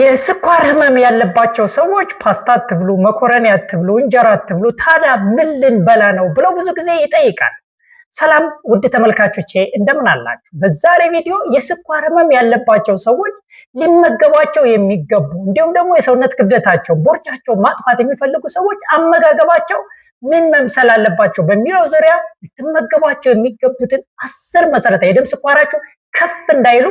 የስኳር ህመም ያለባቸው ሰዎች ፓስታ አትብሉ፣ መኮረኒ አትብሉ፣ እንጀራ አትብሉ፣ ታዲያ ምን ልንበላ ነው ብለው ብዙ ጊዜ ይጠይቃል። ሰላም ውድ ተመልካቾቼ እንደምን አላችሁ? በዛሬ ቪዲዮ የስኳር ህመም ያለባቸው ሰዎች ሊመገቧቸው የሚገቡ እንዲሁም ደግሞ የሰውነት ክብደታቸው ቦርጫቸው ማጥፋት የሚፈልጉ ሰዎች አመጋገባቸው ምን መምሰል አለባቸው በሚለው ዙሪያ ልትመገቧቸው የሚገቡትን አስር መሰረታዊ የደም ስኳራቸው ከፍ እንዳይሉ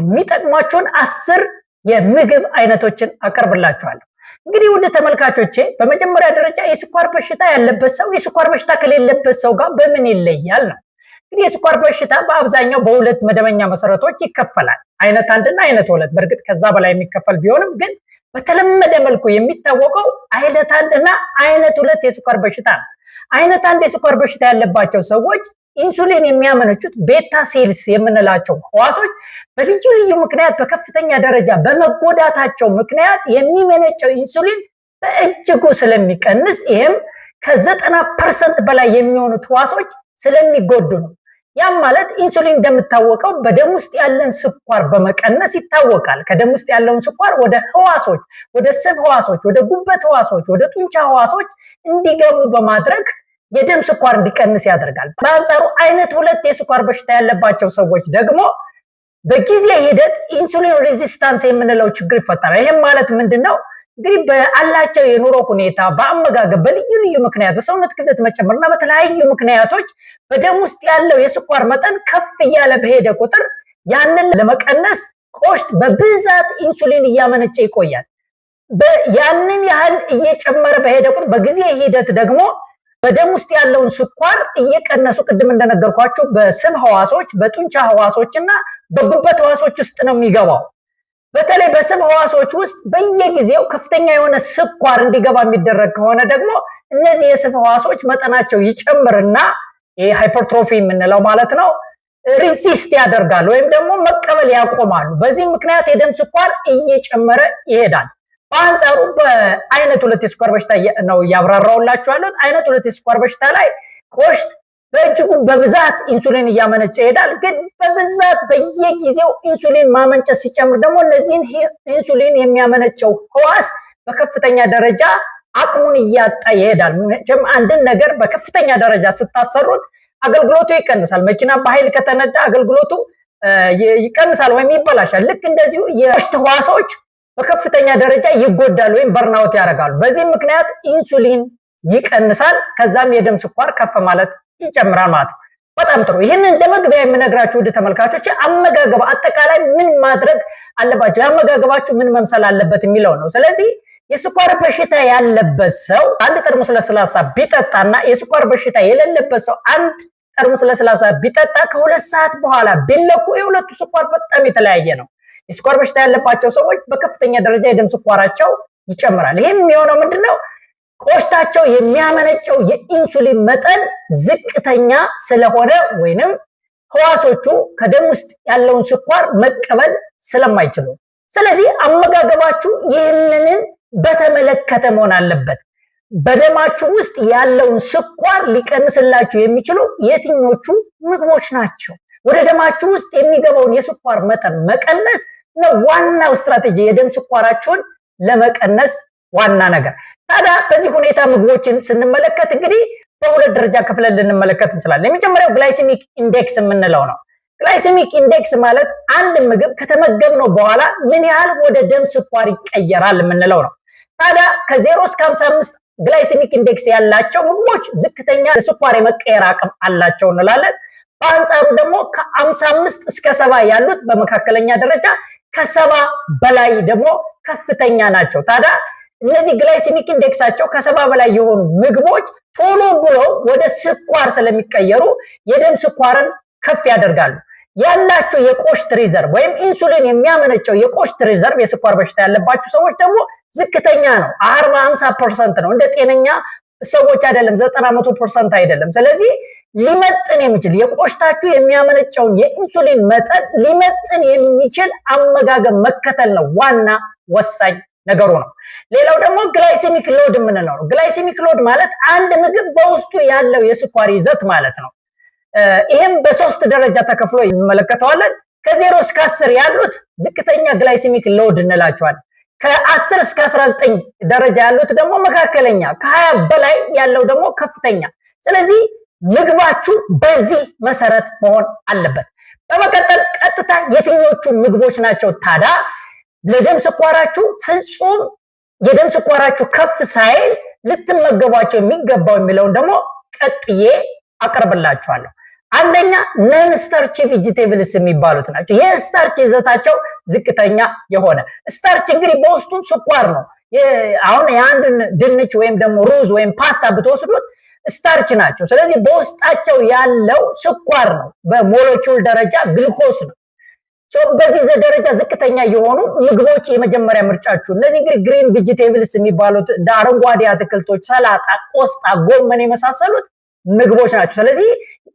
የሚጠቅሟቸውን አስር የምግብ አይነቶችን አቀርብላችኋለሁ። እንግዲህ ውድ ተመልካቾቼ በመጀመሪያ ደረጃ የስኳር በሽታ ያለበት ሰው የስኳር በሽታ ከሌለበት ሰው ጋር በምን ይለያል ነው። እንግዲህ የስኳር በሽታ በአብዛኛው በሁለት መደበኛ መሰረቶች ይከፈላል፣ አይነት አንድና አይነት ሁለት። በእርግጥ ከዛ በላይ የሚከፈል ቢሆንም ግን በተለመደ መልኩ የሚታወቀው አይነት አንድና አይነት ሁለት የስኳር በሽታ ነው። አይነት አንድ የስኳር በሽታ ያለባቸው ሰዎች ኢንሱሊን የሚያመነጩት ቤታ ሴልስ የምንላቸው ህዋሶች በልዩ ልዩ ምክንያት በከፍተኛ ደረጃ በመጎዳታቸው ምክንያት የሚመነጨው ኢንሱሊን በእጅጉ ስለሚቀንስ ይህም ከዘጠና ፐርሰንት በላይ የሚሆኑት ህዋሶች ስለሚጎዱ ነው። ያም ማለት ኢንሱሊን እንደምታወቀው በደም ውስጥ ያለን ስኳር በመቀነስ ይታወቃል። ከደም ውስጥ ያለውን ስኳር ወደ ህዋሶች፣ ወደ ስብ ህዋሶች፣ ወደ ጉበት ህዋሶች፣ ወደ ጡንቻ ህዋሶች እንዲገቡ በማድረግ የደም ስኳር እንዲቀንስ ያደርጋል። በአንጻሩ አይነት ሁለት የስኳር በሽታ ያለባቸው ሰዎች ደግሞ በጊዜ ሂደት ኢንሱሊን ሬዚስታንስ የምንለው ችግር ይፈጠራል። ይህም ማለት ምንድን ነው? እንግዲህ በአላቸው የኑሮ ሁኔታ፣ በአመጋገብ፣ በልዩ ልዩ ምክንያት፣ በሰውነት ክብደት መጨመርና በተለያዩ ምክንያቶች በደም ውስጥ ያለው የስኳር መጠን ከፍ እያለ በሄደ ቁጥር ያንን ለመቀነስ ቆሽት በብዛት ኢንሱሊን እያመነጨ ይቆያል። ያንን ያህል እየጨመረ በሄደ ቁጥር በጊዜ ሂደት ደግሞ በደም ውስጥ ያለውን ስኳር እየቀነሱ ቅድም እንደነገርኳቸው በስብ ህዋሶች፣ በጡንቻ ህዋሶች እና በጉበት ህዋሶች ውስጥ ነው የሚገባው። በተለይ በስብ ህዋሶች ውስጥ በየጊዜው ከፍተኛ የሆነ ስኳር እንዲገባ የሚደረግ ከሆነ ደግሞ እነዚህ የስብ ህዋሶች መጠናቸው ይጨምርና ይሄ ሃይፐርትሮፊ የምንለው ማለት ነው ሪዚስት ያደርጋሉ ወይም ደግሞ መቀበል ያቆማሉ። በዚህም ምክንያት የደም ስኳር እየጨመረ ይሄዳል። በአንጻሩ በአይነት ሁለት የስኳር በሽታ ነው እያብራራውላችሁ ያሉት አይነት ሁለት የስኳር በሽታ ላይ ኮሽት በእጅጉ በብዛት ኢንሱሊን እያመነጨ ይሄዳል። ግን በብዛት በየጊዜው ኢንሱሊን ማመንጨት ሲጨምር ደግሞ እነዚህን ኢንሱሊን የሚያመነጨው ህዋስ በከፍተኛ ደረጃ አቅሙን እያጣ ይሄዳል። መቼም አንድን ነገር በከፍተኛ ደረጃ ስታሰሩት አገልግሎቱ ይቀንሳል። መኪና በኃይል ከተነዳ አገልግሎቱ ይቀንሳል ወይም ይበላሻል። ልክ እንደዚሁ የኮሽት ህዋሶች በከፍተኛ ደረጃ ይጎዳል ወይም በርናውት ያደርጋሉ። በዚህም ምክንያት ኢንሱሊን ይቀንሳል። ከዛም የደም ስኳር ከፍ ማለት ይጨምራል ማለት ነው። በጣም ጥሩ። ይህንን እንደ መግቢያ የምነግራችሁ ውድ ተመልካቾች አመጋገብ አጠቃላይ ምን ማድረግ አለባቸው፣ የአመጋገባችሁ ምን መምሰል አለበት የሚለው ነው። ስለዚህ የስኳር በሽታ ያለበት ሰው አንድ ጠርሙስ ለስላሳ ቢጠጣና የስኳር በሽታ የሌለበት ሰው አንድ ጠርሙስ ለስላሳ ቢጠጣ ከሁለት ሰዓት በኋላ ቢለኩ የሁለቱ ስኳር በጣም የተለያየ ነው። የስኳር በሽታ ያለባቸው ሰዎች በከፍተኛ ደረጃ የደም ስኳራቸው ይጨምራል። ይህም የሚሆነው ምንድነው? ቆሽታቸው የሚያመነጨው የኢንሱሊን መጠን ዝቅተኛ ስለሆነ ወይንም ህዋሶቹ ከደም ውስጥ ያለውን ስኳር መቀበል ስለማይችሉ፣ ስለዚህ አመጋገባችሁ ይህንንን በተመለከተ መሆን አለበት። በደማችሁ ውስጥ ያለውን ስኳር ሊቀንስላችሁ የሚችሉ የትኞቹ ምግቦች ናቸው? ወደ ደማችሁ ውስጥ የሚገባውን የስኳር መጠን መቀነስ ነው ዋናው ስትራቴጂ፣ የደም ስኳራችሁን ለመቀነስ ዋና ነገር። ታዲያ በዚህ ሁኔታ ምግቦችን ስንመለከት እንግዲህ በሁለት ደረጃ ክፍለን ልንመለከት እንችላለን። የመጀመሪያው ግላይሲሚክ ኢንዴክስ የምንለው ነው። ግላይሲሚክ ኢንዴክስ ማለት አንድ ምግብ ከተመገብነው በኋላ ምን ያህል ወደ ደም ስኳር ይቀየራል የምንለው ነው። ታዲያ ከዜሮ እስከ 55 ግላይሲሚክ ኢንዴክስ ያላቸው ምግቦች ዝቅተኛ ስኳር የመቀየር አቅም አላቸው እንላለን። በአንጻሩ ደግሞ ከ55 እስከ ሰባ ያሉት በመካከለኛ ደረጃ ከሰባ በላይ ደግሞ ከፍተኛ ናቸው። ታዲያ እነዚህ ግላይሲሚክ ኢንዴክሳቸው ከሰባ በላይ የሆኑ ምግቦች ቶሎ ብሎ ወደ ስኳር ስለሚቀየሩ የደም ስኳርን ከፍ ያደርጋሉ። ያላቸው የቆሽት ሪዘርቭ ወይም ኢንሱሊን የሚያመነጨው የቆሽት ሪዘርቭ የስኳር በሽታ ያለባቸው ሰዎች ደግሞ ዝቅተኛ ነው። አርባ አምሳ ፐርሰንት ነው። እንደ ጤነኛ ሰዎች አይደለም፣ ዘጠና መቶ ፐርሰንት አይደለም። ስለዚህ ሊመጥን የሚችል የቆሽታችሁ የሚያመነጨውን የኢንሱሊን መጠን ሊመጥን የሚችል አመጋገብ መከተል ነው ዋና ወሳኝ ነገሩ ነው። ሌላው ደግሞ ግላይሴሚክ ሎድ የምንለው ነው። ግላይሴሚክ ሎድ ማለት አንድ ምግብ በውስጡ ያለው የስኳር ይዘት ማለት ነው። ይህም በሶስት ደረጃ ተከፍሎ እንመለከተዋለን። ከዜሮ እስከ አስር ያሉት ዝቅተኛ ግላይሴሚክ ሎድ እንላቸዋለን። ከ እስከ አስራ 19 ደረጃ ያሉት ደግሞ መካከለኛ፣ ከ20 በላይ ያለው ደግሞ ከፍተኛ። ስለዚህ ምግባችሁ በዚህ መሰረት መሆን አለበት። በመቀጠል ቀጥታ የትኞቹ ምግቦች ናቸው ታዲያ ለደም ስኳራችሁ ፍጹም የደም ስኳራችሁ ከፍ ሳይል ልትመገቧቸው የሚገባው የሚለውን ደግሞ ቀጥዬ አቀርብላችኋለሁ። አንደኛ ነን ስታርች ቪጂቴብልስ የሚባሉት ናቸው። የስታርች ስታርች ይዘታቸው ዝቅተኛ የሆነ ስታርች እንግዲህ በውስጡ ስኳር ነው። አሁን የአንድን ድንች ወይም ደግሞ ሩዝ ወይም ፓስታ ብትወስዱት ስታርች ናቸው። ስለዚህ በውስጣቸው ያለው ስኳር ነው። በሞለኪውል ደረጃ ግልኮስ ነው። በዚህ ደረጃ ዝቅተኛ የሆኑ ምግቦች የመጀመሪያ ምርጫችሁ። እነዚህ እንግዲህ ግሪን ቪጂቴብልስ የሚባሉት እንደ አረንጓዴ አትክልቶች፣ ሰላጣ፣ ቆስጣ፣ ጎመን የመሳሰሉት ምግቦች ናቸው። ስለዚህ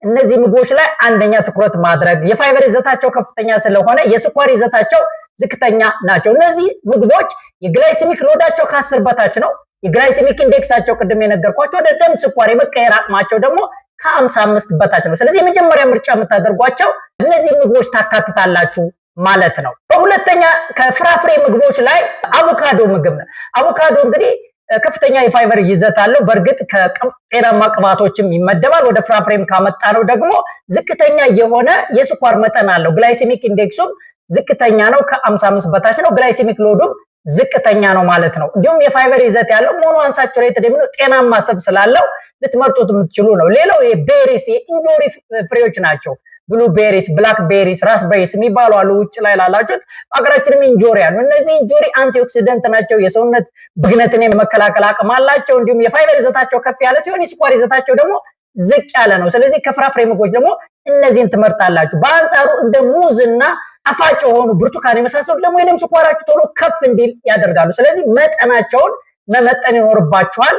እነዚህ ምግቦች ላይ አንደኛ ትኩረት ማድረግ የፋይበር ይዘታቸው ከፍተኛ ስለሆነ የስኳር ይዘታቸው ዝቅተኛ ናቸው። እነዚህ ምግቦች የግላይሲሚክ ሎዳቸው ከአስር በታች ነው። የግላይሲሚክ ኢንዴክሳቸው ቅድም የነገርኳቸው ወደ ደም ስኳር የመቀየር አቅማቸው ደግሞ ከአምሳ አምስት በታች ነው። ስለዚህ የመጀመሪያ ምርጫ የምታደርጓቸው እነዚህ ምግቦች ታካትታላችሁ ማለት ነው። በሁለተኛ ከፍራፍሬ ምግቦች ላይ አቮካዶ ምግብ ነው። አቮካዶ እንግዲህ ከፍተኛ የፋይበር ይዘት አለው። በእርግጥ ከጤናማ ቅባቶችም ይመደባል። ወደ ፍራፍሬም ካመጣ ነው ደግሞ ዝቅተኛ የሆነ የስኳር መጠን አለው። ግላይሴሚክ ኢንዴክሱም ዝቅተኛ ነው፣ ከ55 በታች ነው። ግላይሴሚክ ሎዱም ዝቅተኛ ነው ማለት ነው። እንዲሁም የፋይበር ይዘት ያለው ሞኖ አንሳቹሬትድ የሚለው ጤናማ ስብ ስላለው ልትመርጡት የምትችሉ ነው። ሌላው የቤሪስ የእንጆሪ ፍሬዎች ናቸው። ብሉ ቤሪስ፣ ብላክ ቤሪስ፣ ራስ ቤሪስ የሚባሉ አሉ። ውጭ ላይ ላላችሁት በሀገራችንም እንጆሪ አሉ። እነዚህ ኢንጆሪ አንቲ ኦክሲደንት ናቸው። የሰውነት ብግነትን የመከላከል አቅም አላቸው። እንዲሁም የፋይበር ይዘታቸው ከፍ ያለ ሲሆን የስኳር ይዘታቸው ደግሞ ዝቅ ያለ ነው። ስለዚህ ከፍራፍሬ ምግቦች ደግሞ እነዚህን ትመርጣላችሁ። በአንጻሩ እንደ ሙዝና አፋጭ የሆኑ ብርቱካን የመሳሰሉት ደግሞ የደም ስኳራችሁ ቶሎ ከፍ እንዲል ያደርጋሉ። ስለዚህ መጠናቸውን መመጠን ይኖርባችኋል።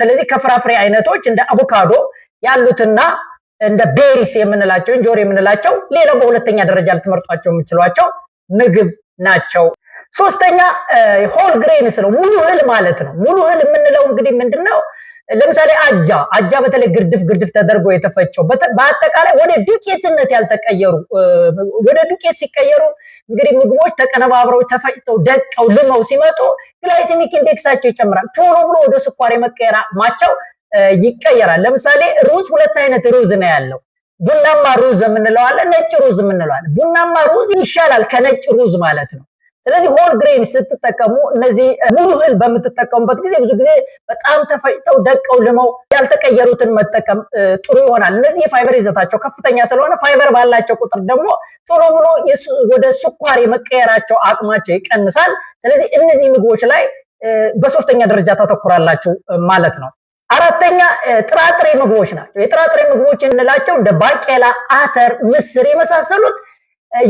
ስለዚህ ከፍራፍሬ አይነቶች እንደ አቮካዶ ያሉትና እንደ ቤሪስ የምንላቸው እንጆሪ የምንላቸው ሌላው በሁለተኛ ደረጃ ልትመርጧቸው የምችሏቸው ምግብ ናቸው። ሶስተኛ ሆል ግሬንስ ነው፣ ሙሉ እህል ማለት ነው። ሙሉ እህል የምንለው እንግዲህ ምንድን ነው? ለምሳሌ አጃ አጃ በተለይ ግርድፍ ግርድፍ ተደርጎ የተፈጨው በአጠቃላይ ወደ ዱቄትነት ያልተቀየሩ ወደ ዱቄት ሲቀየሩ እንግዲህ ምግቦች ተቀነባብረው ተፈጭተው ደቀው ልመው ሲመጡ ግላይሲሚክ ኢንዴክሳቸው ይጨምራል። ቶሎ ብሎ ወደ ስኳር ማቸው ይቀየራል። ለምሳሌ ሩዝ ሁለት አይነት ሩዝ ነው ያለው። ቡናማ ሩዝ የምንለው ነጭ ሩዝ የምንለው ቡናማ ሩዝ ይሻላል ከነጭ ሩዝ ማለት ነው። ስለዚህ ሆል ግሬን ስትጠቀሙ እነዚህ ሙሉ እህል በምትጠቀሙበት ጊዜ ብዙ ጊዜ በጣም ተፈጭተው ደቀው ልመው ያልተቀየሩትን መጠቀም ጥሩ ይሆናል። እነዚህ የፋይበር ይዘታቸው ከፍተኛ ስለሆነ ፋይበር ባላቸው ቁጥር ደግሞ ቶሎ ብሎ ወደ ስኳር የመቀየራቸው አቅማቸው ይቀንሳል። ስለዚህ እነዚህ ምግቦች ላይ በሶስተኛ ደረጃ ታተኩራላችሁ ማለት ነው። አራተኛ ጥራጥሬ ምግቦች ናቸው። የጥራጥሬ ምግቦች የምንላቸው እንደ ባቄላ፣ አተር፣ ምስር የመሳሰሉት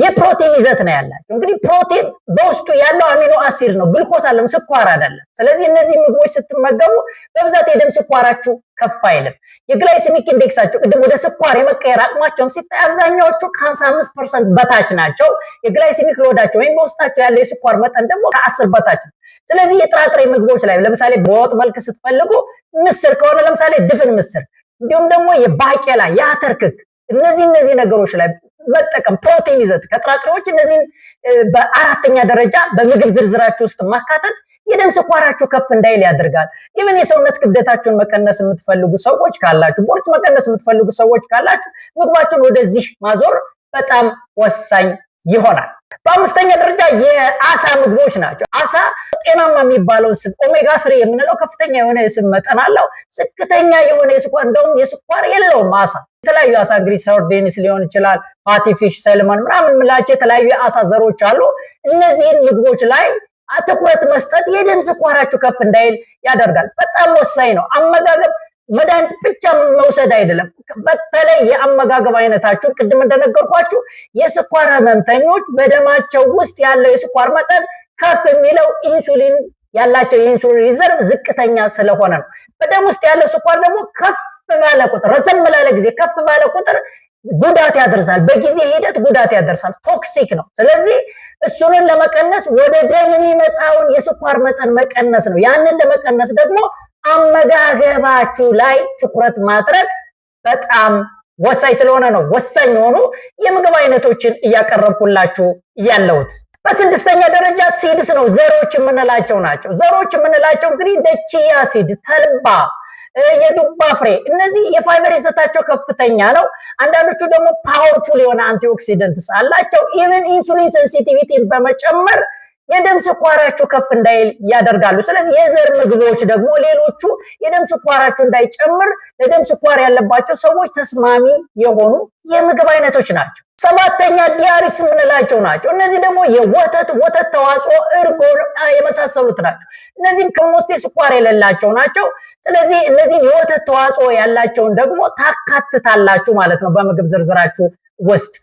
የፕሮቲን ይዘት ነው ያላቸው። እንግዲህ ፕሮቲን በውስጡ ያለው አሚኖ አሲድ ነው፣ ግልኮስ አለም ስኳር አይደለም። ስለዚህ እነዚህ ምግቦች ስትመገቡ በብዛት የደም ስኳራችሁ ከፍ አይልም። የግላይሲሚክ ኢንዴክሳቸው ቅድም ወደ ስኳር የመቀየር አቅማቸውም ሲታይ አብዛኛዎቹ ከ55 ፐርሰንት በታች ናቸው። የግላይሲሚክ ሎዳቸው ወይም በውስጣቸው ያለ የስኳር መጠን ደግሞ ከአስር በታች ነው። ስለዚህ የጥራጥሬ ምግቦች ላይ ለምሳሌ በወጥ መልክ ስትፈልጉ ምስር ከሆነ ለምሳሌ ድፍን ምስር እንዲሁም ደግሞ የባቄላ የአተር ክክ እነዚህ እነዚህ ነገሮች ላይ መጠቀም ፕሮቲን ይዘት ከጥራጥሬዎች እነዚህን በአራተኛ ደረጃ በምግብ ዝርዝራችሁ ውስጥ ማካተት የደም ስኳራቸው ከፍ እንዳይል ያደርጋል። ኢቨን የሰውነት ክብደታችሁን መቀነስ የምትፈልጉ ሰዎች ካላችሁ፣ ቦርጭ መቀነስ የምትፈልጉ ሰዎች ካላችሁ ምግባችሁን ወደዚህ ማዞር በጣም ወሳኝ ይሆናል። በአምስተኛ ደረጃ የአሳ ምግቦች ናቸው። አሳ ጤናማ የሚባለው ስብ ኦሜጋ ስሪ የምንለው ከፍተኛ የሆነ የስብ መጠን አለው። ዝቅተኛ የሆነ የስኳር እንደውም የስኳር የለውም አሳ። የተለያዩ አሳ እንግዲህ ሰርዲንስ ሊሆን ይችላል፣ ፓቲፊሽ፣ ሰልመን ምናምን የምንላቸው የተለያዩ የአሳ ዘሮች አሉ። እነዚህን ምግቦች ላይ ትኩረት መስጠት የደም ስኳራችሁ ከፍ እንዳይል ያደርጋል። በጣም ወሳኝ ነው አመጋገብ መድኃኒት ብቻ መውሰድ አይደለም። በተለይ የአመጋገብ አይነታችሁ ቅድም እንደነገርኳችሁ የስኳር ህመምተኞች በደማቸው ውስጥ ያለው የስኳር መጠን ከፍ የሚለው ኢንሱሊን ያላቸው የኢንሱሊን ሪዘርቭ ዝቅተኛ ስለሆነ ነው። በደም ውስጥ ያለው ስኳር ደግሞ ከፍ ባለ ቁጥር ረዘም ላለ ጊዜ ከፍ ባለ ቁጥር ጉዳት ያደርሳል። በጊዜ ሂደት ጉዳት ያደርሳል። ቶክሲክ ነው። ስለዚህ እሱንን ለመቀነስ ወደ ደም የሚመጣውን የስኳር መጠን መቀነስ ነው። ያንን ለመቀነስ ደግሞ አመጋገባችሁ ላይ ትኩረት ማድረግ በጣም ወሳኝ ስለሆነ ነው ወሳኝ የሆኑ የምግብ አይነቶችን እያቀረብኩላችሁ ያለሁት። በስድስተኛ ደረጃ ሲድስ ነው ዘሮች የምንላቸው ናቸው። ዘሮች የምንላቸው እንግዲህ እንደ ቺያ ሲድ፣ ተልባ፣ የዱባ ፍሬ እነዚህ የፋይበር ይዘታቸው ከፍተኛ ነው። አንዳንዶቹ ደግሞ ፓወርፉል የሆነ አንቲኦክሲደንትስ አላቸው። ኢቨን ኢንሱሊን ሴንሲቲቪቲን በመጨመር የደም ስኳራችሁ ከፍ እንዳይል ያደርጋሉ። ስለዚህ የዘር ምግቦች ደግሞ ሌሎቹ የደም ስኳራችሁ እንዳይጨምር ለደም ስኳር ያለባቸው ሰዎች ተስማሚ የሆኑ የምግብ አይነቶች ናቸው። ሰባተኛ ዲያሪስ የምንላቸው ናቸው። እነዚህ ደግሞ የወተት ወተት ተዋጽኦ፣ እርጎ የመሳሰሉት ናቸው። እነዚህም ከሞስት ስኳር የሌላቸው ናቸው። ስለዚህ እነዚህን የወተት ተዋጽኦ ያላቸውን ደግሞ ታካትታላችሁ ማለት ነው በምግብ ዝርዝራችሁ ውስጥ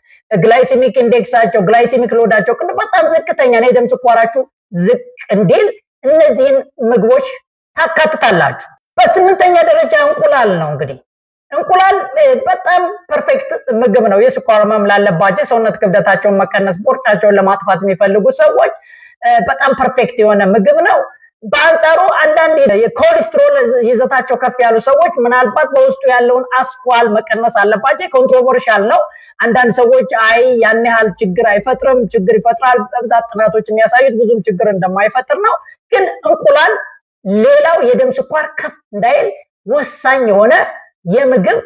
ግላይሲሚክ ኢንዴክሳቸው ግላይሲሚክ ሎዳቸው በጣም ዝቅተኛ ነው፣ የደም ስኳራችሁ ዝቅ እንዲል እነዚህን ምግቦች ታካትታላችሁ። በስምንተኛ ደረጃ እንቁላል ነው። እንግዲህ እንቁላል በጣም ፐርፌክት ምግብ ነው። የስኳር ህመም ላለባቸው፣ የሰውነት ክብደታቸውን መቀነስ፣ ቦርጫቸውን ለማጥፋት የሚፈልጉ ሰዎች በጣም ፐርፌክት የሆነ ምግብ ነው። በአንጻሩ አንዳንድ የኮሌስትሮል ይዘታቸው ከፍ ያሉ ሰዎች ምናልባት በውስጡ ያለውን አስኳል መቀነስ አለባቸው። ኮንትሮቨርሻል ነው። አንዳንድ ሰዎች አይ ያን ያህል ችግር አይፈጥርም፣ ችግር ይፈጥራል። በብዛት ጥናቶች የሚያሳዩት ብዙም ችግር እንደማይፈጥር ነው። ግን እንቁላል ሌላው የደም ስኳር ከፍ እንዳይል ወሳኝ የሆነ የምግብ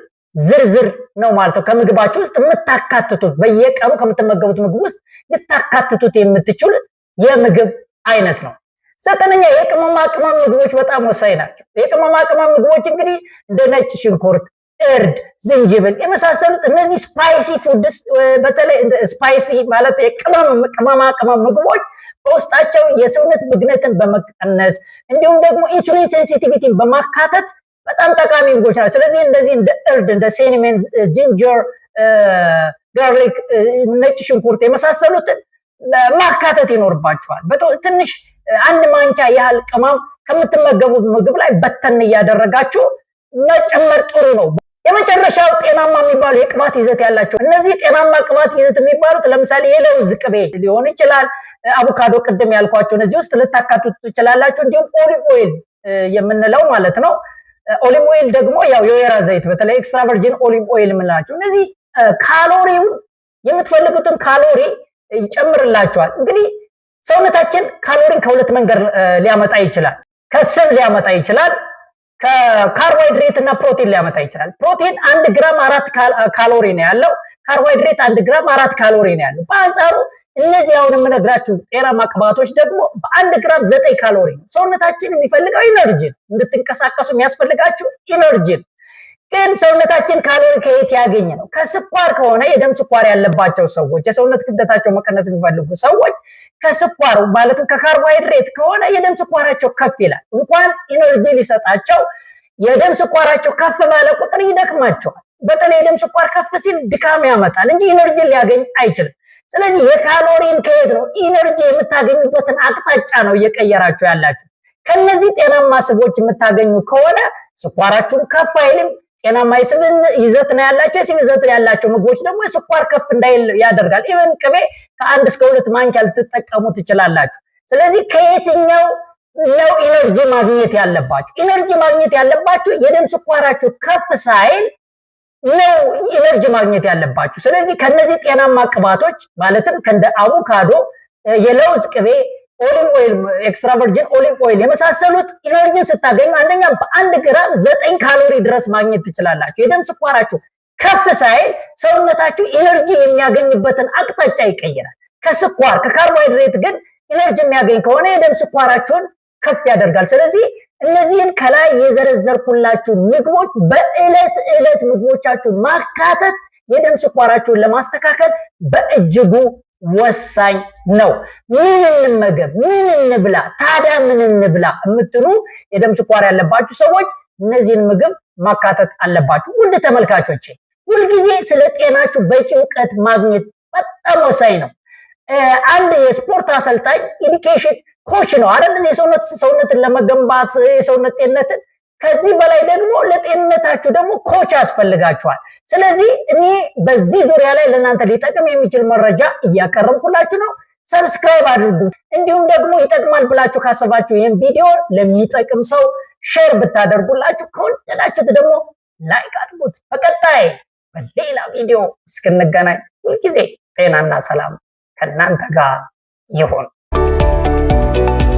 ዝርዝር ነው ማለት ነው። ከምግባችሁ ውስጥ የምታካትቱት በየቀኑ ከምትመገቡት ምግብ ውስጥ ልታካትቱት የምትችሉት የምግብ አይነት ነው። ዘጠነኛ የቅመማ ቅመም ምግቦች በጣም ወሳኝ ናቸው። የቅመማ ቅመም ምግቦች እንግዲህ እንደ ነጭ ሽንኩርት፣ እርድ፣ ዝንጅብል የመሳሰሉት እነዚህ ስፓይሲ ፉድስ በተለይ ስፓይሲ ማለት ቅመማ ቅመም ምግቦች በውስጣቸው የሰውነት ብግነትን በመቀነስ እንዲሁም ደግሞ ኢንሱሊን ሴንሲቲቪቲን በማካተት በጣም ጠቃሚ ምግቦች ናቸው። ስለዚህ እንደዚህ እንደ እርድ፣ እንደ ሴኒሜን፣ ጂንጀር፣ ጋርሊክ፣ ነጭ ሽንኩርት የመሳሰሉትን ማካተት ይኖርባቸዋል። ትንሽ አንድ ማንኪያ ያህል ቅመም ከምትመገቡ ምግብ ላይ በተን እያደረጋችሁ መጨመር ጥሩ ነው። የመጨረሻው ጤናማ የሚባሉ የቅባት ይዘት ያላቸው እነዚህ ጤናማ ቅባት ይዘት የሚባሉት ለምሳሌ የለውዝ ቅቤ ሊሆን ይችላል። አቮካዶ ቅድም ያልኳቸው እነዚህ ውስጥ ልታካቱት ትችላላችሁ። እንዲሁም ኦሊቭ ኦይል የምንለው ማለት ነው። ኦሊቭ ኦይል ደግሞ ያው የወይራ ዘይት በተለይ ኤክስትራ ቨርጂን ኦሊቭ ኦይል የምንላቸው እነዚህ ካሎሪውን የምትፈልጉትን ካሎሪ ይጨምርላቸዋል። እንግዲህ ሰውነታችን ካሎሪን ከሁለት መንገድ ሊያመጣ ይችላል። ከስብ ሊያመጣ ይችላል። ከካርቦሃይድሬት እና ፕሮቲን ሊያመጣ ይችላል። ፕሮቲን አንድ ግራም አራት ካሎሪ ነው ያለው። ካርቦሃይድሬት አንድ ግራም አራት ካሎሪ ነው ያለው። በአንጻሩ እነዚህ አሁን የምነግራችሁ ጤናማ ቅባቶች ደግሞ በአንድ ግራም ዘጠኝ ካሎሪ ነው። ሰውነታችን የሚፈልገው ኢነርጂን እንድትንቀሳቀሱ የሚያስፈልጋችሁ ኢነርጂን ግን ሰውነታችን ካሎሪ ከየት ያገኝ ነው? ከስኳር ከሆነ የደም ስኳር ያለባቸው ሰዎች የሰውነት ክብደታቸው መቀነስ የሚፈልጉ ሰዎች ከስኳሩ ማለትም ከካርቦሃይድሬት ከሆነ የደም ስኳራቸው ከፍ ይላል። እንኳን ኢነርጂ ሊሰጣቸው የደም ስኳራቸው ከፍ ባለ ቁጥር ይደክማቸዋል። በተለይ የደም ስኳር ከፍ ሲል ድካም ያመጣል እንጂ ኢነርጂ ሊያገኝ አይችልም። ስለዚህ የካሎሪን ከየት ነው ኢነርጂ የምታገኙበትን አቅጣጫ ነው እየቀየራችሁ ያላችሁ። ከነዚህ ጤናማ ስቦች የምታገኙ ከሆነ ስኳራችሁም ከፍ አይልም። ጤናማ የስብ ይዘት ነው ያላቸው። የስብ ይዘት ያላቸው ምግቦች ደግሞ የስኳር ከፍ እንዳይል ያደርጋል። ኢቨን ቅቤ ከአንድ እስከ ሁለት ማንኪያ ልትጠቀሙ ትችላላችሁ። ስለዚህ ከየትኛው ነው ኢነርጂ ማግኘት ያለባችሁ? ኢነርጂ ማግኘት ያለባችሁ የደም ስኳራችሁ ከፍ ሳይል ነው ኢነርጂ ማግኘት ያለባችሁ። ስለዚህ ከነዚህ ጤናማ ቅባቶች ማለትም ከእንደ አቮካዶ፣ የለውዝ ቅቤ ኦሊቭ ኦይል፣ ኤክስትራ ቨርጂን ኦሊቭ ኦይል የመሳሰሉት ኢነርጂን ስታገኙ አንደኛ በአንድ ግራም ዘጠኝ ካሎሪ ድረስ ማግኘት ትችላላችሁ። የደም ስኳራችሁ ከፍ ሳይል ሰውነታችሁ ኢነርጂ የሚያገኝበትን አቅጣጫ ይቀይራል። ከስኳር ከካርቦሃይድሬት ግን ኢነርጂ የሚያገኝ ከሆነ የደም ስኳራችሁን ከፍ ያደርጋል። ስለዚህ እነዚህን ከላይ የዘረዘርኩላችሁ ምግቦች በዕለት ዕለት ምግቦቻችሁ ማካተት የደም ስኳራችሁን ለማስተካከል በእጅጉ ወሳኝ ነው። ምን እንመገብ፣ ምን እንብላ፣ ታዲያ ምን እንብላ የምትሉ የደም ስኳር ያለባችሁ ሰዎች እነዚህን ምግብ ማካተት አለባችሁ። ውድ ተመልካቾቼ ሁልጊዜ ስለ ጤናችሁ በቂ እውቀት ማግኘት በጣም ወሳኝ ነው። አንድ የስፖርት አሰልጣኝ ኢዲኬሽን ኮች ነው አይደል? የሰውነት ሰውነትን ለመገንባት የሰውነት ጤንነትን ከዚህ በላይ ደግሞ ለጤንነታችሁ ደግሞ ኮች ያስፈልጋችኋል። ስለዚህ እኔ በዚህ ዙሪያ ላይ ለእናንተ ሊጠቅም የሚችል መረጃ እያቀረብኩላችሁ ነው። ሰብስክራይብ አድርጉ። እንዲሁም ደግሞ ይጠቅማል ብላችሁ ካሰባችሁ ይህም ቪዲዮ ለሚጠቅም ሰው ሼር ብታደርጉላችሁ፣ ከወደዳችሁት ደግሞ ላይክ አድርጉት። በቀጣይ በሌላ ቪዲዮ እስክንገናኝ ሁልጊዜ ጤናና ሰላም ከእናንተ ጋር ይሁን።